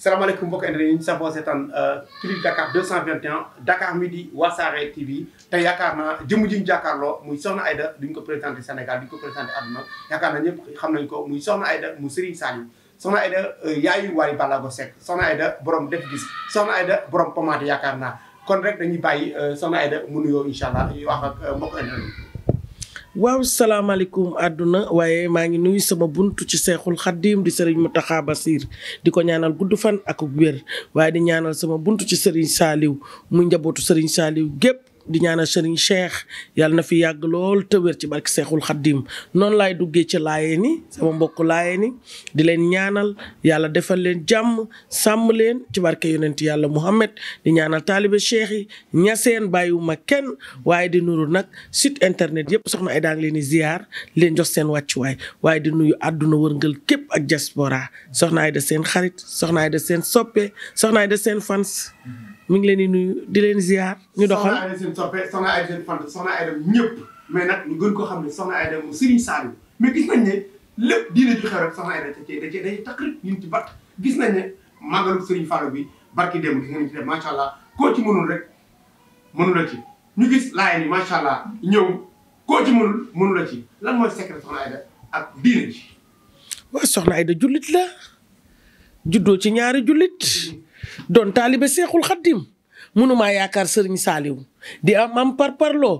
salaamaaleykum mbokk internet yi ñu safoo seetaan Click euh, Dakar 221 Dakar Midi Wassare TV te yaakaar naa jëmm ji jàkkaarloo muy Soxna Aida duñ ko présenté Sénégal duñ ko présenté àdduna yaakaar naa ñëpp xam nañ ko muy Soxna Aida mu Serigne Saliou Soxna Aida euh, yaayu Wally Ballago Seck Soxna Aida borom def gis Soxna Aida borom pommade yaakaar naa kon rek dañuy bàyyi euh, Soxna Aida mu nuyoo incha allah wax ak mbokk internet yi waaw salaamaaleykum àdduna waaye maa ngi nuyu sama buntu ci seexul xaddiim di sëriñ Mountakha Bassir di ko ñaanal gudd fan ak wér waaye di ñaanal sama buntu ci sëriñ saaliw mu njabootu sëriñ saaliw gépp di ñaanal Serigne Cheikh yàlla na fi yàgg lool te wér ci barke Seexul Xaddim noonu laay duggee ci laayee ni sama mbokk laayee ni di leen ñaanal yàlla defal leen jàmm sàmm leen ci barke yonent yàlla Muhammad di ñaanal taalibe Cheikh yi ñaseen bàyyiwuma kenn waaye di nuru nag site internet yëpp soxna ay daang leen di ziar leen jox seen wàccuwaay waaye di nuyu àdduna wërngal képp ak diaspora soxna ay da seen xarit soxna ay da seen soppe soxna ay da seen fans mu ngi leen di nuyu di leen ziar. ñu doxal soxna Aida seen soppe soxna Aida seen soxna Aida ñëpp mais nag ñu gën ko xam ne soxna Aida moom Serigne Saliou mais gis lépp diine ju xew rek soxna Aida da cee ñu ci bat gis nañ ne màggalu Serigne Fallou bi barki démb gis nañ ci def macha allah la ci ñu gis laay ni macha ñëw koo ci la ci lan mooy secret soxna Aida ak diine ji. waaw soxna Aida jullit la juddoo ci ñaari jullit. Mm-hmm. doon taalibe seexul xaddim mënumaa yaakaar sëriñ saaliw di am am par parloo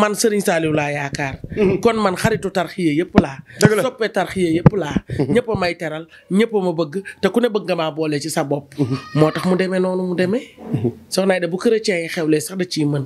man sëriñ saaliw laa yaakaar mhm. kon man xaritu tarxiye yëpp laa soppe tarxiye yëpp laa mhm. ñëpp may teral ñëpp ma bëgg te ku ne bëgg nga maa boole ci sa bopp mhm. moo tax mu demee noonu mu demee soxnaay da bu kër chrétien yi xewlee sax da ciy mën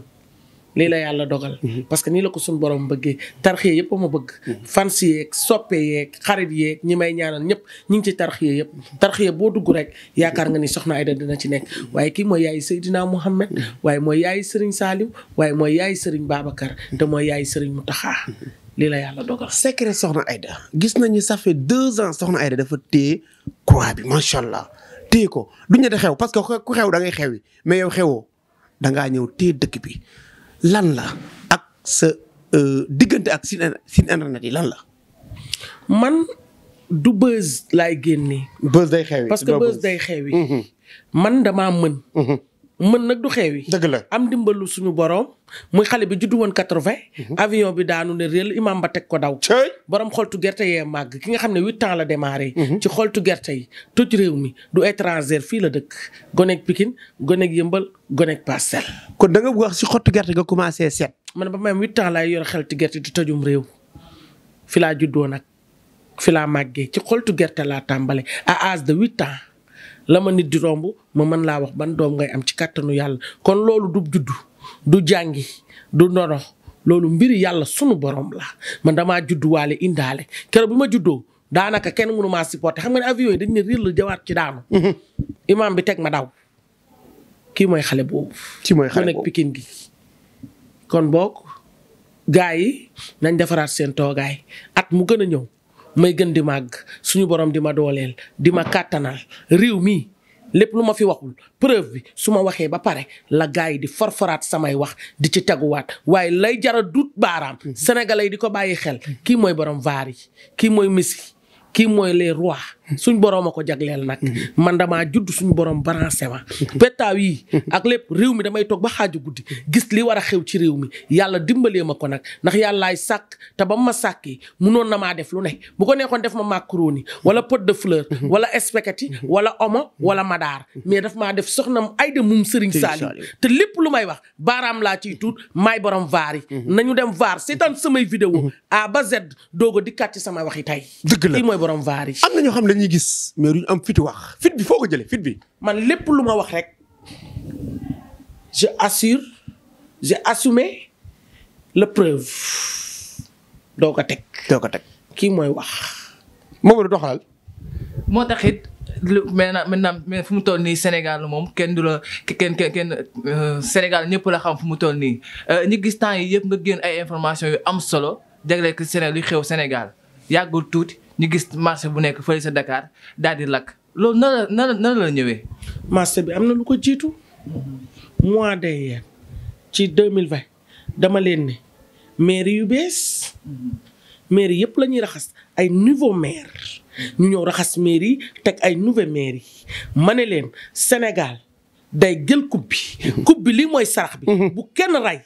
lii la yàlla dogal. Mhm. parce que nii la ko suñu borom bëggee tarxiya yëpp ma bëgg. Mhm. fans yeeg soppe yeeg xarit yeeg ñi may ñaanal ñëpp ñu ngi ci tarxiya yëpp tarxiya boo dugg rek yaakaar nga ni soxna Aida dina ci nekk mhm. waaye kii mooy yaay Seydina Mouhamed waaye mooy yaay Serigne Saliou waaye mooy yaay Serigne Babacar te mooy yaay Serigne Moutakha. lii la yàlla dogal. secret soxna Aida gis nañu ça fait deux ans soxna Aida dafa téye croix bi macha allah té ko duñu ne xew parce que ku xew dangay xew xewi mais yow xewoo dangaa ñëw téye dëkk bi lan la ak sa euh, diggante ak site internet yi lan la. man du buzz laay génnee. buzz day xewi parce que buzz day xewi. Mm-hmm. man damaa mën. Mm-hmm. mën nag du xeewi. dëgg la am dimbalu suñu borom. muy xale bi juddu woon quatre-vingt. Mhm. avion bi daanu ne réel imam ba teg ko daw. borom xoltu gerte yee màgg ki nga xam ne huit ans la démarré. Mhm. ci xoltu gerte yi toj réew mi du étranger fii la dëkk. goneeg pikin goneeg Yëmbal goneeg Parcelles. kon da nga wax si xottu gerte nga commencé seet. man ba même huit ans laay yor xelti gerte di tojum réew fi laa juddoo nag filaa màggee ci xoltu gerte laa tàmbale à âge de huit ans. la ma nit di romb ma man laa wax ban doom ngay am ci kàttanu yàlla kon loolu du juddu du jàngi du ndono loolu mbiri yàlla sunu borom la man damaa judduwaale indaale keroog bi ma juddoo daanaka kenn mënu maa supporté xam nga ne avion yi dañ ne riir la jawaat ci daanu. Mhm. bi teg ma daw. kii mooy xale mooy xale boobu nekk pikin gi. kon boog gars yi nañ defaraat seen toogaay at mu gën a ñëw. may gën di màgg suñu borom di ma dooleel di ma kàttanal réew mi lépp lu ma fi waxul preuve bi su ma waxee ba pare la gars yi di forforaat samay wax di ci teguwaat waaye lay jara dut baaram hmm. sénégalais di ko bàyyi xel kii mooy borom vaar yi kii mooy Messi kii mooy les rois suñ borom a ko jagleel nag. Mm-hmm. man damaa judd suñu borom balancé ma. pettaaw yi. ak lépp réew mi damay toog ba xaaju guddi gis li war a xew ci réew mi yàlla dimbalee ma ko nag ndax yàllaay sàkk te ba ma sàkkee munoon na maa def lu ne bu ko neexoon def ma macaroni wala pot de fleur. Mm-hmm. wala spaghetti mm-hmm. wala omo wala madaar mais daf maa def soxna Aïda mum Serigne Saliou te lépp lu may wax baraam laa ciy tuut maay borom vaar yi. nañu dem vaar seetaan samay vidéo A ba Z doog a dikkaat ci sama waxi tey. yi. am ñuy gis mais duñ am fitu wax fit bi foo ko jëlee fit bi. man lépp lu ma wax rek je assure j'ai assumé la preuve doo ko teg. doo ko teg kii mooy wax. moom la doxalal. moo tax it lu maintenant maintenant fu mu toll nii Sénégal moom kenn du la kenn kenn kenn euh, Sénégal ñëpp la xam fu mu toll nii euh, ñu gis temps yi yëpp nga génn ay information yu am solo jagleel ko Sénégal lu xew Sénégal yàggul tuuti. ñu gis marché bu nekk fële sa Dakar daal di lakk loolu nan na nan la ñëwee. marché bi am na lu ko jiitu mois de ci deux mille vingt dama leen ne maire yu bees maire yëpp lañuy raxas ay nouveau maire ñu ñëw raxas maire yi teg ay nouveau maire yi ma ne leen Sénégal day jël coupe bi lii mooy sarax bi. Mhm. bu kenn rey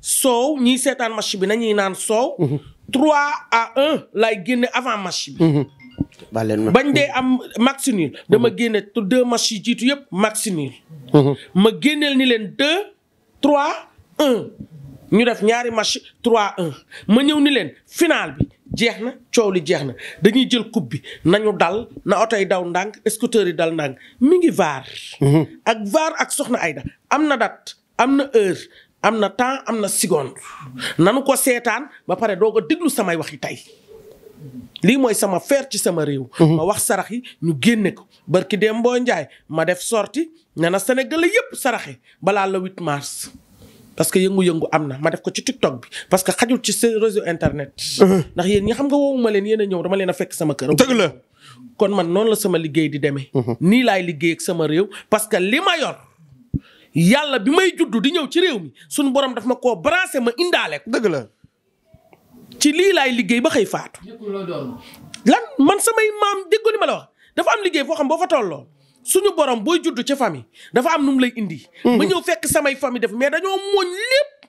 soow ñiy seetaan match bi nañuy naan soow. Mhm. trois à 1 laay génne avant match bi. Mhm. bañ dee mhm. am match nul dama génne deux match yi jiitu yëpp match nul. Mhm. ma génneel ni leen 2 3 1 ñu def ñaari match trois un ma ñëw ni leen final bi jeex na coow li jeex na dañuy jël coupe bi nañu dal na oto yi daw ndànk scooter yi dal ndànk mi ngi vaar. ak vaar ak soxna Ayda am na date am na heure am na temps am na seconde nanu ko seetaan ba pare doog a déglu samay wax yi tey lii mooy sama feer ci sama réew. Mhm. ma wax sarax yi ñu génne ko barki Dembo Ndiaye ma def sorti ne na Sénégalais yépp saraxe balaa le 8 mars. parce que yëngu-yëngu am na ma def ko ci TikTok bi parce que xajul ci seen réseau internet. Mhm. ndax yéen ñi xam nga woowuma leen yéen a ñëw dama leen a fekk sama kër. dëgg la kon man noonu la sama liggéey di demee. Mhm. nii laay liggéey sama réew parce que li ma yor. yàlla bi may juddu di ñëw ci réew mi suñu borom daf ma koo brasser ma indaale ko. la. ci lii laay liggéey ba xëy faatu. lan man samay maam dégg li ma la wax dafa am liggéey foo xam boo fa tolloo suñu borom booy juddu ci famille dafa am nu lay indi. Mm-hmm. ma ñëw fekk samay famille def mais dañoo mooñ lépp.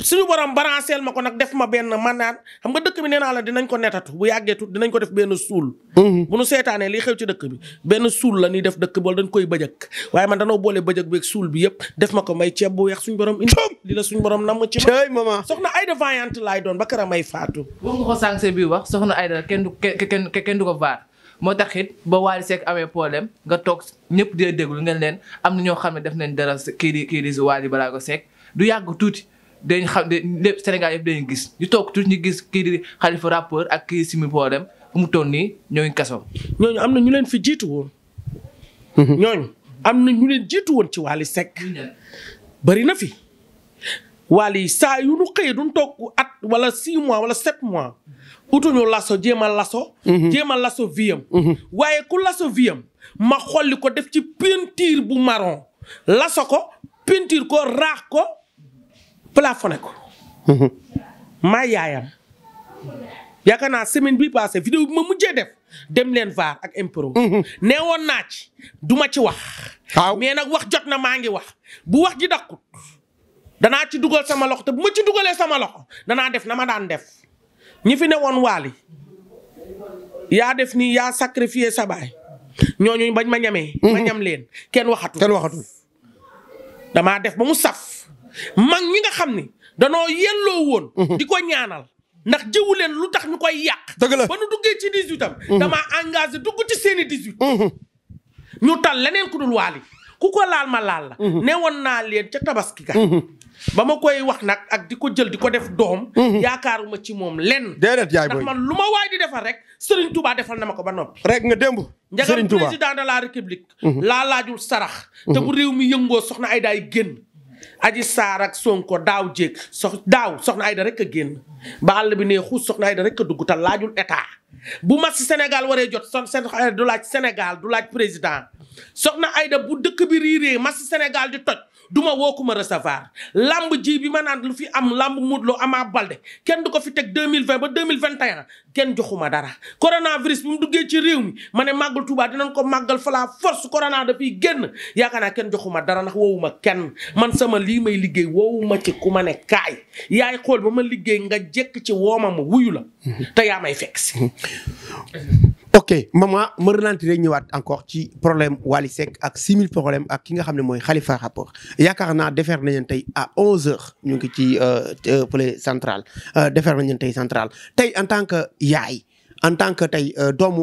suñu borom baranceel ma ko nag def ma benn man manaan xam nga dëkk bi nee naa la dinañ ko netatu bu yàggee tuut dinañ ko def benn suul. Mm-hmm. bu nu seetaanee li xew ci dëkk bi benn suul la ni def dëkk bool dañ koy bëjëk waaye man danoo boole bëjëk beeg suul bi yëpp def ma may ceeb bu weex suñu borom. indi li suñu borom nam ma ci. cey maman soxna Aida vaillante laay doon ba kara may faatu. wax nga ko sànq sa biir wax soxna Aida kenn du kenn kenn du ko vaar. moo tax it ba Wally Seck amee problème nga toog ñëpp di déglu ngeen leen am na ñoo xam ne def nañ dara kii di kii di Wally ko Seck du yàgg tuuti dañ xam lépp Sénégal yëpp dañu gis ñu toog tu ñu gis ki di Khalifa rappeur ak kii Simi Problème fu mu toll nii ñoo ngi kaso. ñooñu am na ñu leen fi jiitu woon. Mhm. ñooñu am na ñu leen jiitu woon ci Wally Seck. bari na fi. Wally saa yu nu xëyee duñ toog at wala 6 mois wala 7 mois. utuñu laso jéem laso. Mhm. jéem a laso viam. Mhm. waaye ku laso viam ma xolli ko def ci peinture bu marron. laso ko peinture ko raax ko. plafonné ko. maa yaayam yaakaar naa bi bii passé vidéo bi ma mujjee def dem leen vaar ak impro. nee woon naa ci du ma ci wax. waaw mais nag wax jot na maa ngi wax bu wax ji dakkut danaa ci dugal sama loxo te ci dugalee sama loxo danaa def na ma daan def ñi fi ne woon waali yaa def nii yaa sacrifié sa baay ñooñu bañ ma ñamee. Mm-hmm. ma ñam leen kenn waxatu. kenn waxatu damaa def ba mu saf. mag ñi nga xam ni danoo yelloo woon. Mhm. di ko ñaanal ndax jëwu leen lu tax ñu koy yàq. dëgg la ba nu duggee ci 18 nga mhm. damaa engage dugg ci seeni 18. Mhm. ñu tal leneen ku dul waali ku ko laal ma laal la. nee woon naa leen ca tabaski ga. ba ma koy wax nag ak di ko jël di ko def doom. yaakaaruma ci moom lenn. déedéet yaay booy ndax man lu ma waay di defal rek Serigne Touba defal na ma ko ba noppi. rek nga démb. Serigne Touba njagam président de la sarax. te bu réew mi yëngoo soxna ay daay aji saar ak sonko daaw jéeg sox daaw soxna Aida rek a génn ba àll bi nee xuus soxna Aida rek a dugg te laajul état bu mas si Sénégal waree jot son soxna Aida du laaj Sénégal du laaj président soxna ayda bu dëkk bi riiree mas si Sénégal di toj. duma woo ku ma recevoir lamb ji bi ma naan lu fi am lamb Modou Lo Ama Baldé kenn du ko fi teg deux mille vingt ba deux mil vingt et un kenn joxuma dara. coronavirus bi mu duggee ci réew mi ma ne màggal dina dinañ ko màggal fa la force corona depuis génn yaakaar naa kenn joxuma dara ndax ma kenn man sama lii may liggéey woowuma ci ku ma ne kaay yaay xool ba ma liggéey nga jekk ci wooma ma wuyu la mm-hmm. te yaa may fekk mm-hmm. ok maman ma relantiré ñëwaat encore ci problème Wally Seck ak simil problème ak ki nga xam ne mooy Khalifa rapport yaakaar naa defar nañ leen tey à 11h ñu ngi ci euh, euh, pële centrale euh, defar nañ leen tey central tey en tant que yaay en tant que tey doomu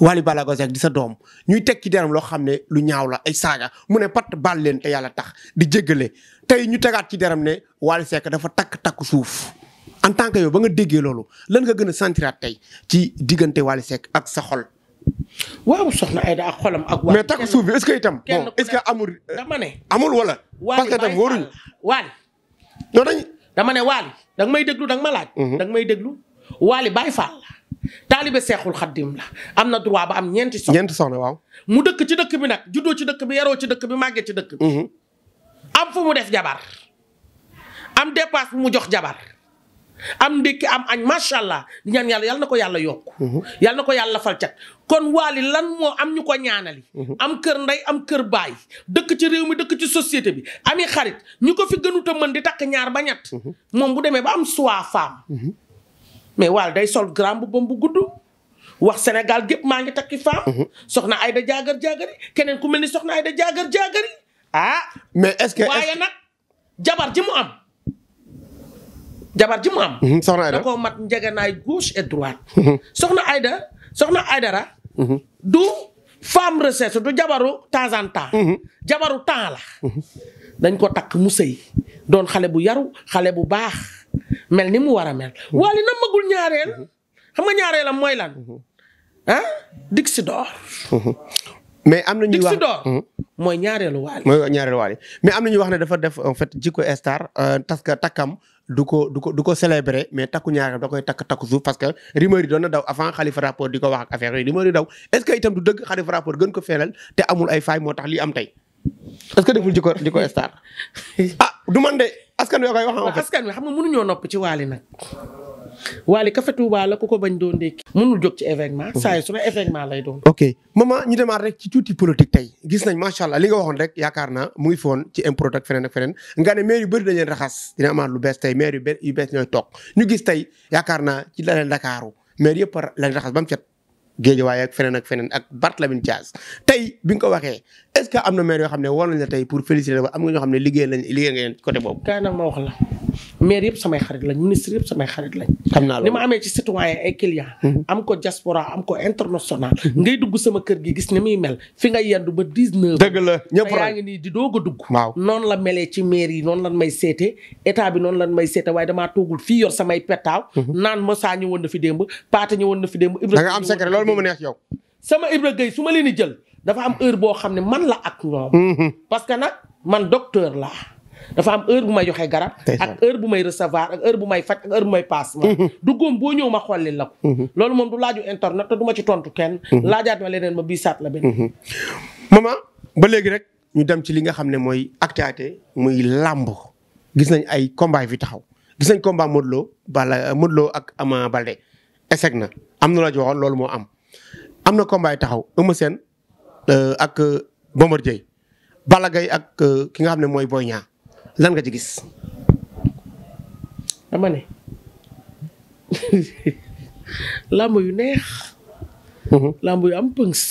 Wally Ballago Seck di sa doom ñuy teg ci deram loo xam ne lu ñaaw la ay saaga mu ne pat bal leen te yàlla tax di jéggale tey ñu tegaat ci deram ne Wally Seck dafa takk takk suuf. en tant que yow ba nga déggee loolu lan ka gën a sentiraat tey ci diggante Wally Seck ak sa xol. waaw soxna Aida ak xolam ak. waaw mais takk suuf bi est ce que itam. bon est ce amul. Euh, dama ne amul wala. parce que itam waruñu Wally non dama ne Wally da may déglu da ma laaj. Mhm. da may déglu Wally Baye Fall la. taalibe seexul xaddim am na droit ba am ñeenti soxna ñeenti soxna waaw. mu dëkk ci dëkk bi nag juddoo ci dëkk bi yaroo ci dëkk bi màggee ci dëkk bi. Mhm. am fu mu def jabar. am dépasse mu jox jabar. am ndekki am añ macha allah ñan yàlla yàlla na ko yàlla yokk mhm. yàlla na ko yàlla fal kon waali lan moo am ñu ko ñaanali mhm. am kër ndey am kër baay dëkk ci réew mi dëkk ci société bi ami xarit ñu ko fi gënut a mën di takk ñaar ba ñett mhm. moom bu demee ba am soi femme mais waali day sol grand bu bam bu gudd wax Sénégal gépp maa ngi takki femme soxna ay da jaagar jaagari keneen ku mel ni soxna Ayda jaagar jaagari ah mais est-ce waaye nag jabar ji mu am jabar ji mu am. Mhm, soxna Aida koo mat njëgënaay gauche et mhm. soxna Aida soxna Aidara. Mhm. du femme recette du jabaru temps en temps. jabaru temps la. dañ ko takk mu sëy doon xale bu yaru xale bu baax mel ni mu war a mel. waaye na magul ñaareel. xam nga ñaareelam mooy lan ah dig si door. mais am na ñuy hmm? mooy ñaareelu waali. mooy ñaareelu mais am na ñuy wax ne dafa def en fait jikko star parce euh, que takkam du ko du ko ko célébrer mais takku ñaareelu da koy takk takku suuf parce que rumeur yi doon na daw avant Khalifa rapport di ko wax ak affaire yooyu daw est itam du dëgg Khalifa rapport gën ko feelal te amul ay faay moo tax lii am tey est ce que deful jikko jikko star ah du man de askan wi koy wax. en fait askan wi xam nga mënuñoo nopp ci waali nag. Wally Café Touba la ku ko bañ doon ndékki mënul jóg ci événement mhm. saa yu su ne événement lay doon ok maman ñu demaat rek ci tuuti politique tey gis nañ macha allah li nga waxoon rek yaakaar naa mu ngi foon ci import ak feneen ak feneen nga ne maire yu bëri dañ leen raxas dina amaat lu bees tey maire yu gis tey yaakaar naa ci la leen Dakaaru yëpp lañ raxas ba mu set Géejawaay ak feneen ak feneen ak Barthélémy Dias tey bi nga ko waxee est-ce que am na maire yoo xam ne war nañ la tey pour féliciter am nga ñoo xam ne liggéey nga leen côté boobu kaay nag ma la maire yëpp samay xarit lañ ministre yëpp samay xarit lañ. xam naa ni ma amee ci citoyen ay clients. Mhm. am ko diaspora am ko international. ngay dugg sama kër gi gis ni muy mel fi nga yendu ba dix neuf. dëgg la ñëpp yaa ngi nii di doog a dugg. noonu la melee ci maire yi noonu lan may seete état bi noonu lan may seete waaye damaa toogul fii yor samay pettaaw. Mhm. naan ma saa ñëwoon na fi démb paata ñëwoon na fi démb. Ibrahima da am secret loolu moo a neex yow. sama Ibra Gueye su ma leen di jël dafa am heure boo xam ne man la ak ñoom. Mhm. parce que nag man docteur la dafa am heure bu may joxe garab ak heure bu may recevoir ak heure bu may faj ak heure bu may paas mhm. du góom boo ñëw ma xollil la ko mhm. loolu moom du laaju internet te du ma ci tontu kenn mhm. laajaat ma leneen ma bii saat la benn maman ba léegi rek ñu dem ci li nga xam ne mooy actualité muy làmb gis nañ ay combat fi taxaw gis nañ combat Modou Lo Balla Modou ak Ama Baldé échec na am na la joxoon loolu moo am am na combat yi taxaw Eumeu seen euh, ak euh, Bombardier Balla Gaye ak euh, ki nga xam ne mooy Boy Niang lan nga ci gis. dama yu neex. Mhm. làmb yu am pëngs.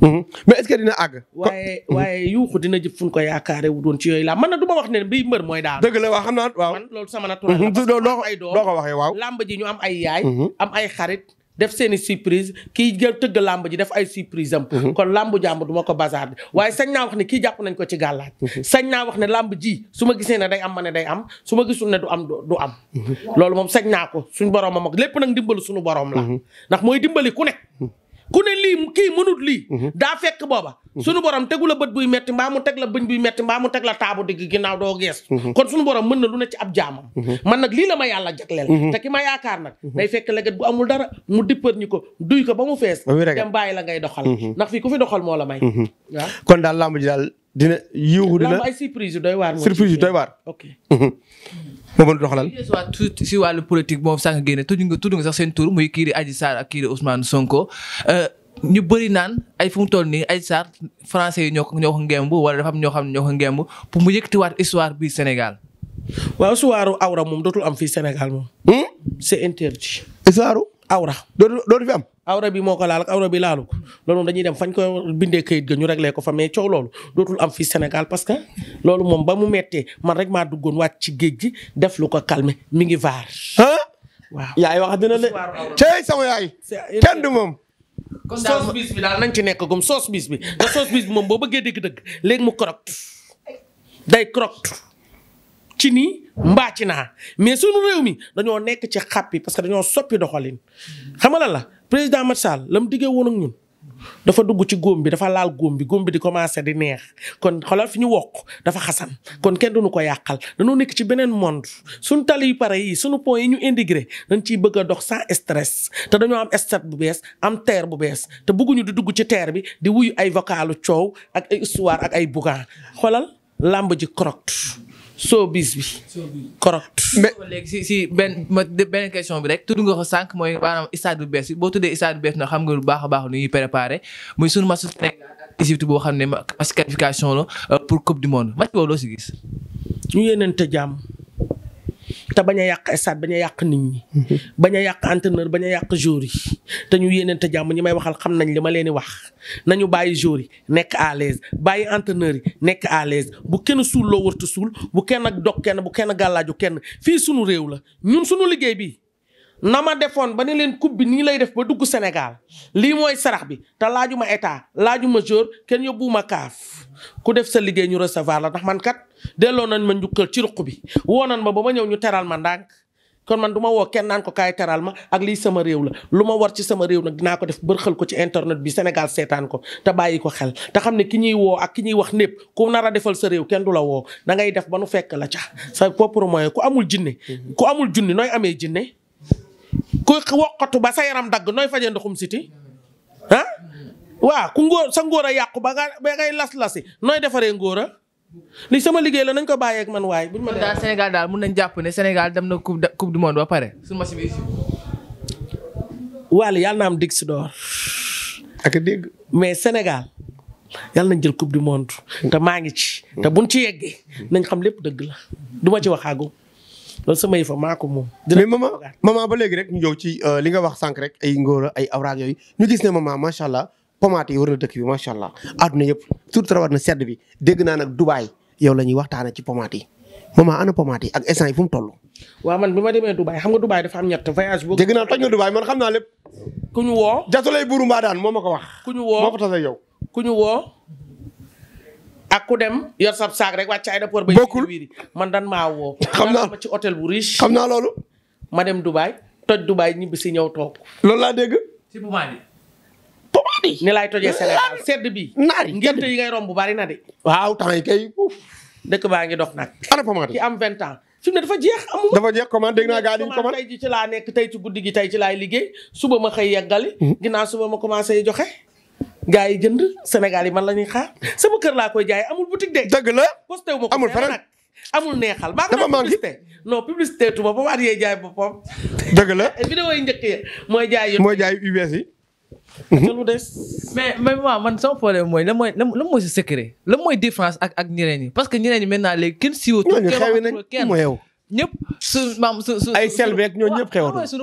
Mhm. mais est-ce que dina àgg. waaye waaye yuuxu dina jëf fu ñu ko yaakaare wu doon ci yooyu làmb man du ma wax ne mooy daal. dëgg la waaw naa waaw loolu sama naturel la. Mhm. ay doom doo ko waxee waaw. làmb ji ñu am ay yaay. am ay xarit. def seeni surprise kii jël tëgg làmb ji def ay surprise am mhm. kon làmb jàmb du ma ko bazar waaye sañ naa wax ne kii jàpp nañ ko ci gàllaaj mhm. sañ naa wax ne làmb ji su ma gisee ne day am ma ne day am su ma gisul ne du am du am mhm. loolu moom sañ naa ko suñ boroom ma mag lépp nag dimbalu suñu borom la ndax mooy dimbali ku ne ku ne lii kii mënut lii. Mhm. daa fekk booba. Mhm. sunu borom tegu la bët buy metti mbaa mu teg la bëñ buy metti mbaa mu teg la taabu digg ginnaaw doo gees. Mhm. kon sunu borom mën na lu ne ci ab jaamam. man nag lii la ma yàlla jagleel. te ki ma yaakaar nag. day fekk leget bu amul dara mu dippar ñi ko duy ko ba mu fees. dem bàyyi la ngay doxal. ndax fii ku fi doxal moo la may. kon daal lamb daal dina yiiw dina ay surprise yu doy waar. surprise yu doy waar. ok. moo mën doxalal. tuuti si wàllu politique moom sax nga génne tudd nga tudd nga sax seen tur muy kii di Adji Sarr ak kii di Sonko. Euh, ñu bëri naan ay fu mu toll nii Adji Sarr français yi ñoo ko ñoo wala dafa am ñoo xam ne ñoo ko ngemb pour mu yëkkatiwaat histoire bi Sénégal. waaw suwaaru awra moom dootul am fii Sénégal moom. Hmm? c'est interdit. suwaaru awra. dootul dootul fi am. awra bi moo ko laal ak awra bi laalu ko loolu moom dañuy dem fañ ko bindee kayit ga ñu réglé ko fa mais coow loolu dootul am fii Sénégal parce que loolu moom ba mu méttee man rek maa duggoon wàcc ci géej gi def lu ko calmer mi ngi vaar. waaw yaay wax dina ne. cey sama yaay. kenn du moom. nañ ci nekk comme soos bis bi. nga soos moom boo bëggee dëgg-dëgg léegi mu croque. day croque. ci nii mbaa ci naa mais sunu réew mi dañoo nekk ci xàppi parce que dañoo soppi doxalin xam nga lan la président Macky Sall la mu diggee woon ak ñun dafa dugg ci góom bi dafa laal góom bi góom bi di commencé di neex kon xoolal fu ñu wokk dafa xasan kon kenn duñu ko yàqal dañoo nekk ci beneen monde suñu tali yu pare yi suñu pont yi ñu intégré dañ ciy bëgg dox sans stress te dañoo am stade bu bees am terre bu bees te bëgguñu di dugg ci ter bi di wuy ay vocalu coow ak ay ak ay bougan xoolal làmb ji croct showbiz bi. correct mais léegi si si benn benn question bi rek. tudd nga ko sànq mooy maanaam stade bu boo tuddee stade bees na xam nga lu baax a baax nu ñuy préparé muy sunu match Sénégal ak boo xam ne match qualification la euh, pour coupe du monde match boobu loo si gis. ñu yéenante jàmm. te bañ a yàq stade bañ a yàq nit ñi. Mm-hmm. bañ a yàq entraîneur bañ a yàq jour yi te ñu yéeneente jàmm ñi may waxal xam nañ li ma leen wax nañu bàyyi jour yi nekk à l'aise bàyyi entraîneur yi nekk à l'aise bu kenn suul loo wërtu suul bu kenn dog kenn bu kenn gàllaaju kenn fii sunu réew la ñun sunu liggéey bi na ma defoon ba ne leen coupe bi nii lay def ba dugg Sénégal lii mooy sarax bi te laaju ma état laaju ma jour kenn ma kaaf ku def sa liggéey ñu recevoir la ndax man kat delloo nañ ma njukkal ci ruq bi woo nañ ma ba ma ñëw ñu teral ma ndànk kon man du ma woo kenn naan ko kaay teral ma ak lii sama réew la lu ma war ci sama réew nag dinaa ko def bërxal ko ci internet bi Sénégal seetaan ko te bàyyi ko xel te xam ne ki ñuy woo ak ki ñuy wax népp ku nar a defal sa réew kenn du la woo da ngay def ba nu fekk la ca sa propre moyen amul jinne ku amul junni nooy amee jinne ku wokkatu ba sa yaram dagg nooy fajee ndoxum siti ah waaw ku ngoor sa ngóor a yàqu ba nga ba ngay las-lasi defaree ngóor a li sama liggéey la nañ ko bàyyeeg man waaye. buñ ma daal Sénégal daal mun nañ jàpp ne Sénégal dem na coupe coupe du monde ba pare. su yàlla na am dig si door. mais Sénégal yàlla nañ jël coupe du monde. Mm. te maa ngi ci. te buñ ci yeggee. nañ xam lépp dëgg la. du ma ci waxaagu. loolu sama yëfa maa ko moom. mais maman maman ba léegi rek ñu ñëw ci euh, li nga wax sànq rek ay ngóora ay awraag yooyu ñu gis ne maman macha allah pommade yi war na dëkk bi macha allah àdduna yëpp surtout rawat na sedd bi dégg naa nag Dubaay yow la ñuy waxtaanee ci pommade yi maman ana pommade yi ak essence yi fu mu toll. waaw man bi ma demee Dubaay xam nga Dubaay dafa am ñett voyage boobu. dégg naa toj nga Dubaay man xam naa lépp. ku ñu woo. jasolay buuru mbaa daan moo ma ko wax. ku ñu woo ko tasee yow. ku ñu woo ak ku dem yor sab saag rek wàcc aéroport ba. bokkul man dan maa woo. xam naa ma ci hôtel bu riche. xam naa loolu. ma dem Dubaay toj Dubaay ñibbi si ñëw toog. loolu laa dégg. ci Boumadi. ni laay tojee sedd bi. naari ngénte yi ngay romb bari na de. waaw temps yi kay. dëkk baa ngi dox nag. ana Pamade ki am 20 ans. fi mu ne dafa jeex amul. dafa jeex naa gaa yi commande tey ci laa nekk tey ci guddi gi tey ci laay liggéey suba ma xëy yeggali. Hmm. ginnaaw suba ma commencé joxe. gaa yi jënd Sénégal yi man la ñuy xaar sama kër laa koy jaay amul boutique de. dëgg la posté wu ma ko amul feneen neexal. dafa maa ngi non publicité tuba ba waat yee jaay boppam. dëgg la vidéo yi njëkk ya mooy jaay yoon. mooy jaay UBS yi. Mhm. lu des. mais mais waaw man sama problème mooy lan mooy lan mooy sa secret lan mooy différence ak ak ñeneen ñi parce que ñeneen ñi maintenant léegi kenn siiwatu. ñooñu xewi nañ kenn mooy ñëpp su maam su su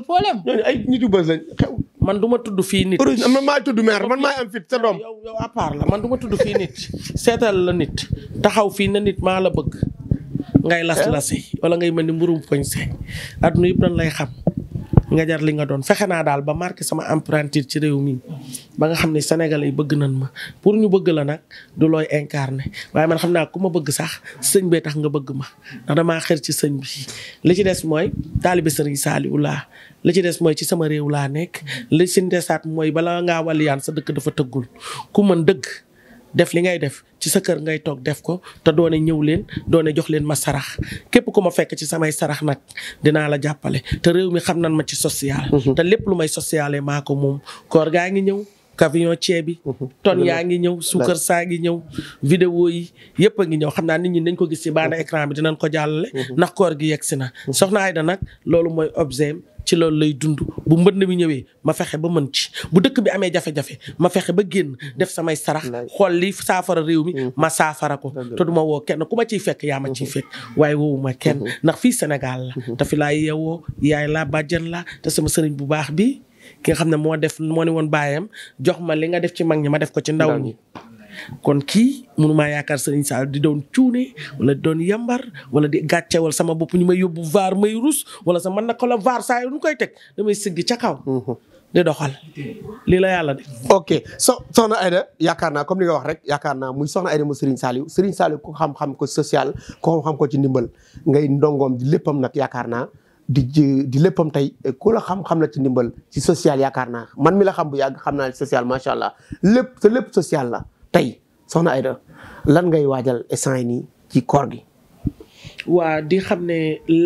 problème ñooñu ay nit yu bës lañ xew. man du tudd fii nit. man maay tudd man maay am fit sa doom. yow yow à la man du ma fii nit seetal la nit taxaw fii na nit maa la bëgg ngay las lasi wala ngay mel ni mburum poñse àdduna yëpp dañ lay xam. nga jar li nga doon fexe naa daal ba marqué sama empreinte ci réew mi ba nga xam ne sénégalais bëgg nañ ma pour ñu bëgg la nag du looy incarné waaye man xam naa ku ma bëgg sax sëñ bee tax nga bëgg ma ndax damaa xër ci sëñ bi li ci des mooy taalibe sëriñ Saaliwu laa li ci des mooy ci sama réew laa nekk li ci desaat mooy bala ngaa waliyaan sa dëkk dafa tëggul ku mën dëgg def li ngay def ci sa kër ngay toog def ko te doone ñëw leen doone jox leen ma sarax képp ku ma fekk ci samay sarax nag dinaa la jàppale te réew mi xam nan ma ci social. Mhm. ta lépp lu may sociale maa ko moom koor gaa ngi ñëw. avion ceeb bi mhm. ton yaa ngi ñëw suukar saa ngi ñëw vidéo yi yëpp a ngi ñëw xam naa nit ñi nañ ko gis ci baana mhm. écran bi dinañ ko jàllale mhm. ndax koor gi yegg si na soxna Aida nag loolu mooy objet ci loolu lay dund bu mbënn bi ñëwee ma fexe ba mën ci bu dëkk bi amee jafe-jafe ma fexe ba génn def samay sarax xool li saafara réew mi ma saafara ko te duma woo kenn ku ma ciy fekk yaa ma ciy fekk waaye woowuma kenn ndax fii Sénégal la te fi laa yeewoo yaay laa la te sama sëriñ bu baax bi ki nga xam ne moo def moo ne woon baayam jox ma li nga def ci mag ñi ma def ko ci ndaw ñi kon kii mënumaa yaakaar sëriñ Saal di doon cuune wala di doon yambar wala di gàccewal sama bopp ñu may yóbbu vaar may rus wala sa mën na ko la vaar saa yu ñu koy teg damay sëgg ca kaw. Mhm. di doxal lii la yàlla de. ok so yaakaar naa comme li nga wax rek yaakaar naa muy soxna Aida mu Serigne Saliou Serigne ko xam-xam ko social ko xam ko ci ndimbal ngay ndongoom léppam nag yaakaar naa di di léppam tey ku la xam-xam la ci ndimbal ci social yaakaar naa man mi la xam bu yàgg xam naa social macha allah lépp te lépp social la tey soxna Aida lan ngay waajal instant yi ni ci koor gi. waa di xam ne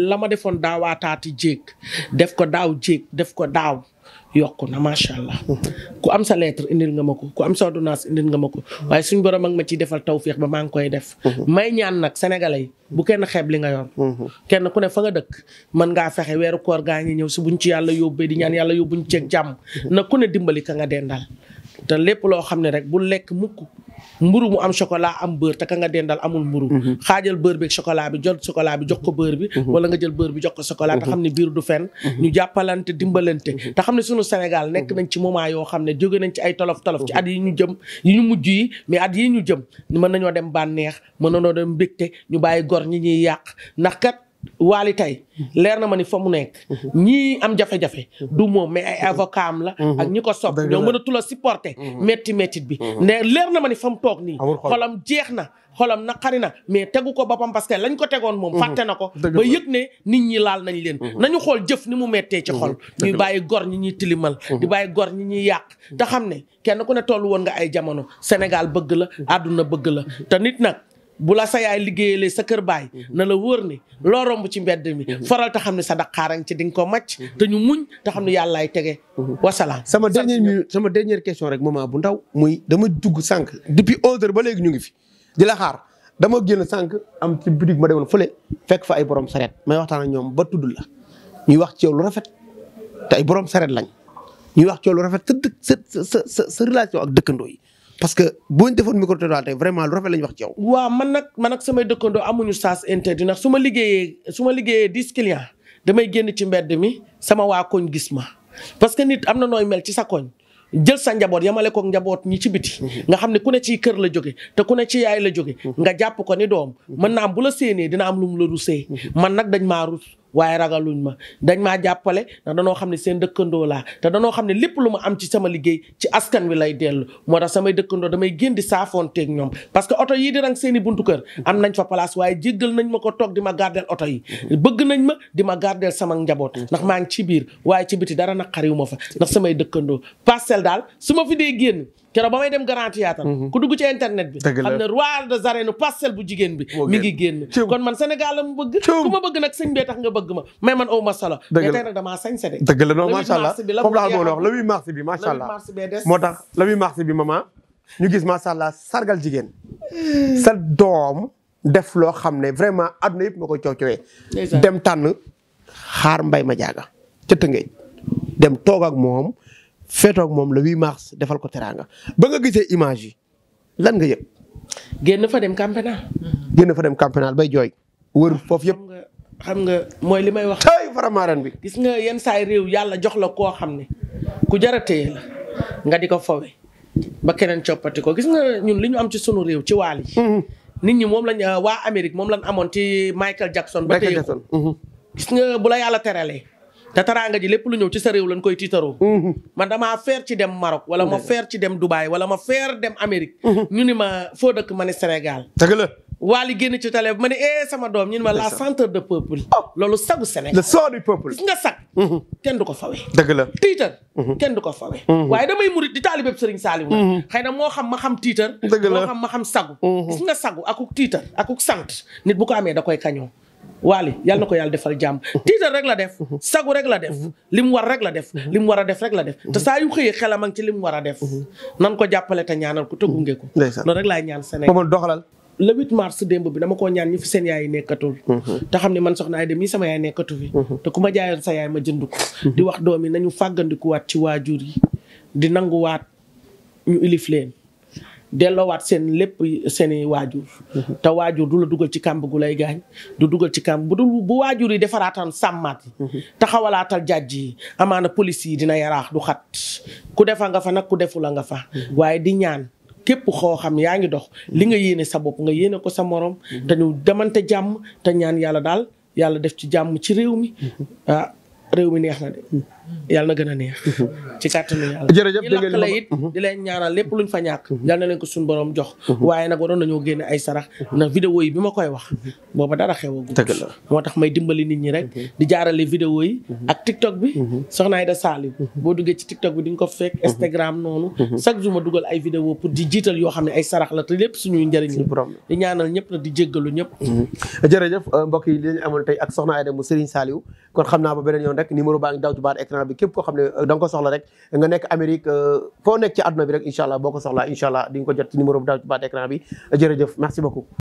la ma defoon daawaataati jéeg def ko daaw jéeg def ko daaw yokku na macha allah. ku am sa lettre indil nga ma ko ku am sa ordonnance indil nga ma ko. waaye suñu borom ma ciy defal tawféex ba maa ngi koy def. Mhm. may ñaan nag sénégalais bu kenn xeeb li nga yor. Mhm. kenn ku ne fa nga dëkk man ngaa fexe weeru koor gaa ngi ñëw si buñ ci yàlla yóbbee di ñaan yàlla yóbbuñ ceeg jàmm. Mhm. na ku ne dimbali ka nga dendal te lépp loo xam ne rek bu lekk mukk mburu mu am chocolat am beurre te ka nga dendal amul mburu mm-hmm. xaajal beurre bi ak chocolat bi jot chocolat bi jox ko beurre bi mm-hmm. wala nga jël beurre bi jox ko chocolat te mm-hmm. xam ne biir du fenn ñu jàppalante dimbalante te xam ne sunu Sénégal nekk nañ ci moment yoo xam ne jóge nañ ci ay tolof tolof ci at yi ñu jëm yi ñu mujj yi mais at yi ñu jëm mën nañoo dem bànneex mën na nañoo dem mbégte ñu bàyyi gor ñi ñuy yàq ndax kat waali tey leer na ma ni fa mu nekk ñii am jafe-jafe du moom mais ay avocat am la mhm. ak ñi ko sopp ñoo mën a tula supporter métti mhm. métti bi mhm. ndax leer na ma ni fa mu toog nii xolam jeex na xolam xari na mais tegu ko boppam parce que lañ ko tegoon moom fàtte na ko ba yëg ne nit ñi laal nañ leen nañu xool jëf ni mu mettee ci xol ñuy bàyyi gor ñi ñuy tilimal di bàyyi gor ñi ñuy yàq te xam ne kenn ku ne toll woon nga ay jamono Sénégal bëgg la àdduna bëgg la te nit nag bu la sa yaay liggéeyalee sa kër baay mhm. na la wóor ni loo romb ci mbedd mi mhm. faral te xam ne sa daqaarañ ci di nga ko màcc mhm. te ñu muñ te xam ne yàllaay tege wasalaam sama dernière sama dernière question rek moment bu ndaw muy dama dugg sànq depuis onze heures ba léegi ñu ngi fi di la xaar dama génn sànq am ci boutique ma demoon fële fekk fa ay borom sareet may waxtaan ak ñoom ba tudd la ñuy wax ci lu rafet te ay borom sareet lañ ñuy wax ceew lu rafet sa dëkk sa sa sa sa ak dëkkandoo yi parce que boo ñu defoon micro-trottoir tey vraiment lu rafet la ñu wax ci yow. waaw man nag man nag samay dëkkandoo amuñu sens interdit ndax su ma liggéeyee su ma liggéeyee dix damay génn ci mbedd mi sama waa koñ gis ma parce que nit am na nooy mel ci sa koñ. jël sa njaboot yamale ko njaboot ñi ci biti mhm. nga xam ne ku ne ci kër la jóge te ku ne ci yaay la jóge mhm. nga jàpp ko ni doom mhm. mën naa am bu la séenee dina am lu mu la rusee man nag dañ maa waaye ragaluñ ma dañ maa jàppale ndax danoo xam ne seen dëkkandoo laa te danoo xam ne lépp lu ma am ci sama liggéey ci askan wi lay dellu moo tax samay dëkkandoo damay génn di saafoonteeg ñoom parce que oto yii di rang seen buntu kër am nañ fa place waaye jéggal nañ ma ko toog di ma gardeel oto yi bëgg nañ ma di ma gardeel sama njaboot ndax maa ngi ci biir waaye ci biti dara naqariwu ma fa ndax samay dëkkandoo parcelle daal su ma fi dee génn keroog ba may dem Grand Théâtre mhm. ku dugg ci internet bi xam ne roi des arènes pastel bu jigéen bi mi ngi génn kon man Sénégal la mu bëgg ku ma bëgg nag sëñ bee tax nga bëgg ma mais man aw ma solo mais tey nag damaa sañse de dëgg la non macha allah foofu laa moo tax le 8 bi maman ñu gis ma allah sargal jigéen sa doom def loo xam ne vraiment àdduna yëpp ma koy coow coowee dem tànn xaar mbay ma jaaga ca dem toog ak moom feetoog moom la 8 mars defal ko teraanga ba nga gisee image lan nga yëg. génn fa dem campénal. génn fa dem campénal bay jooy. wër foofu yëpp xam nga mooy li may wax. tey vraiment bi. gis nga yenn saay réew yàlla jox la koo xam ne ku jar a la nga di ko fowe ba keneen coppatiko gis nga ñun li ñu am ci sunu réew ci waal yi. Mm-hmm. nit ñi moom lañ waa Amérique moom lañ amoon ci Michael Jackson. ba téye mm-hmm. bu la yàlla teralee. te taraanga ji lépp lu ñëw ci sa réew lañ koy tiitaroo. Mhm. man damaa feer ci dem Maroc wala ma mhm. feer ci dem Dubaï wala ma feer dem Amérique. Mhm. ñu ni ma foo dëkk ma ne Sénégal. dëgg la. waali génn ci télé ma ne eh sama doom ñu ne ma la centre de peuple. Oh. loolu sagu Sénégal. le sort du peuple. gis nga sag. kenn du ko fawe. dëgg la tiitar. kenn du ko fawe. waaye damay murit di taalibeb Serigne Saliou la. xëy na moo xam ma xam tiitar. dëgg la moo xam ma xam sagu. gis nga sagu akuk tiitar akuk sant nit bu ko amee da koy kañoo. waali yàlla na ko yàlla defal jàmm tiital rek la def mhm. sagu rek la def li mu war rek la def mhm. li mu war a def rek la def te mhm. saa yu xëyee xelam ak ci li mu war a def nan ko jàppale te ñaanal ko te gunge ko loolu rek laay ñaan Sénégal moom doxalal le 8 mars bi dama koo ñaan ñu fi seen yaay yi nekkatul te xam ne man soxna ay dem sama yaay nekkatu fi te ku ma jaayoon sa yaay ma jënd ko di wax doom yi nañu fàggandikuwaat ci waajur yi di nanguwaat ñu ilif leen delloowaat seen lépp seeni i waajur. Mhm. te waajur du la dugal ci kàmb gu lay gaañ. du dugal ci kàmb bu dul bu waajur yi defaraatan sàmmaat mhm. taxawalaatal jaaj yi amaana police yi dina yaraax du xat ku defa nga fa nag ku defula nga fa. Mhm. waaye di ñaan. képp xoo xam yaa ngi dox li nga yéene sa bopp nga yéene ko sa morom te ñu demante jàmm te ñaan yàlla daal yàlla def ci jàmm ci réew mi ah réew mi neex na de yàlla na gën a neex. Mhm. ci kàttanu yàlla. jërëjëf dégg ngeen it mhm. di leen ñaanal lépp luñ fa ñàkk. Mhm. yal na leen ko suñu borom jox. waaye nag waroon nañoo génne ay sarax. ndax vidéo yi bi ma koy wax. booba dara xewagul. dëgg la moo tax may bi. soxna Aida Saliou. boo duggee ci TikTok bi di nga ko fekk. Instagram noonu. chaque jour ma dugal ay vidéo pour di jiital yoo xam ne ay sarax la te lépp suñuy njëriñ la. di ñaanal ñëpp nag di jéggalu ñëpp. jërëjëf mbokk yi li ñu amoon tey ak soxna Aida mu Serigne Saliou kon xam naa ba beneen yoon rek numéro international bi képp koo xam ne euh, da nga ko soxla rek nga nekk Amérique euh, foo nekk ci àdduna bi rek incha allah boo ko soxlaa incha allah di nga ko jot numéro bi daal ci baat écran bi jërëjëf merci beaucoup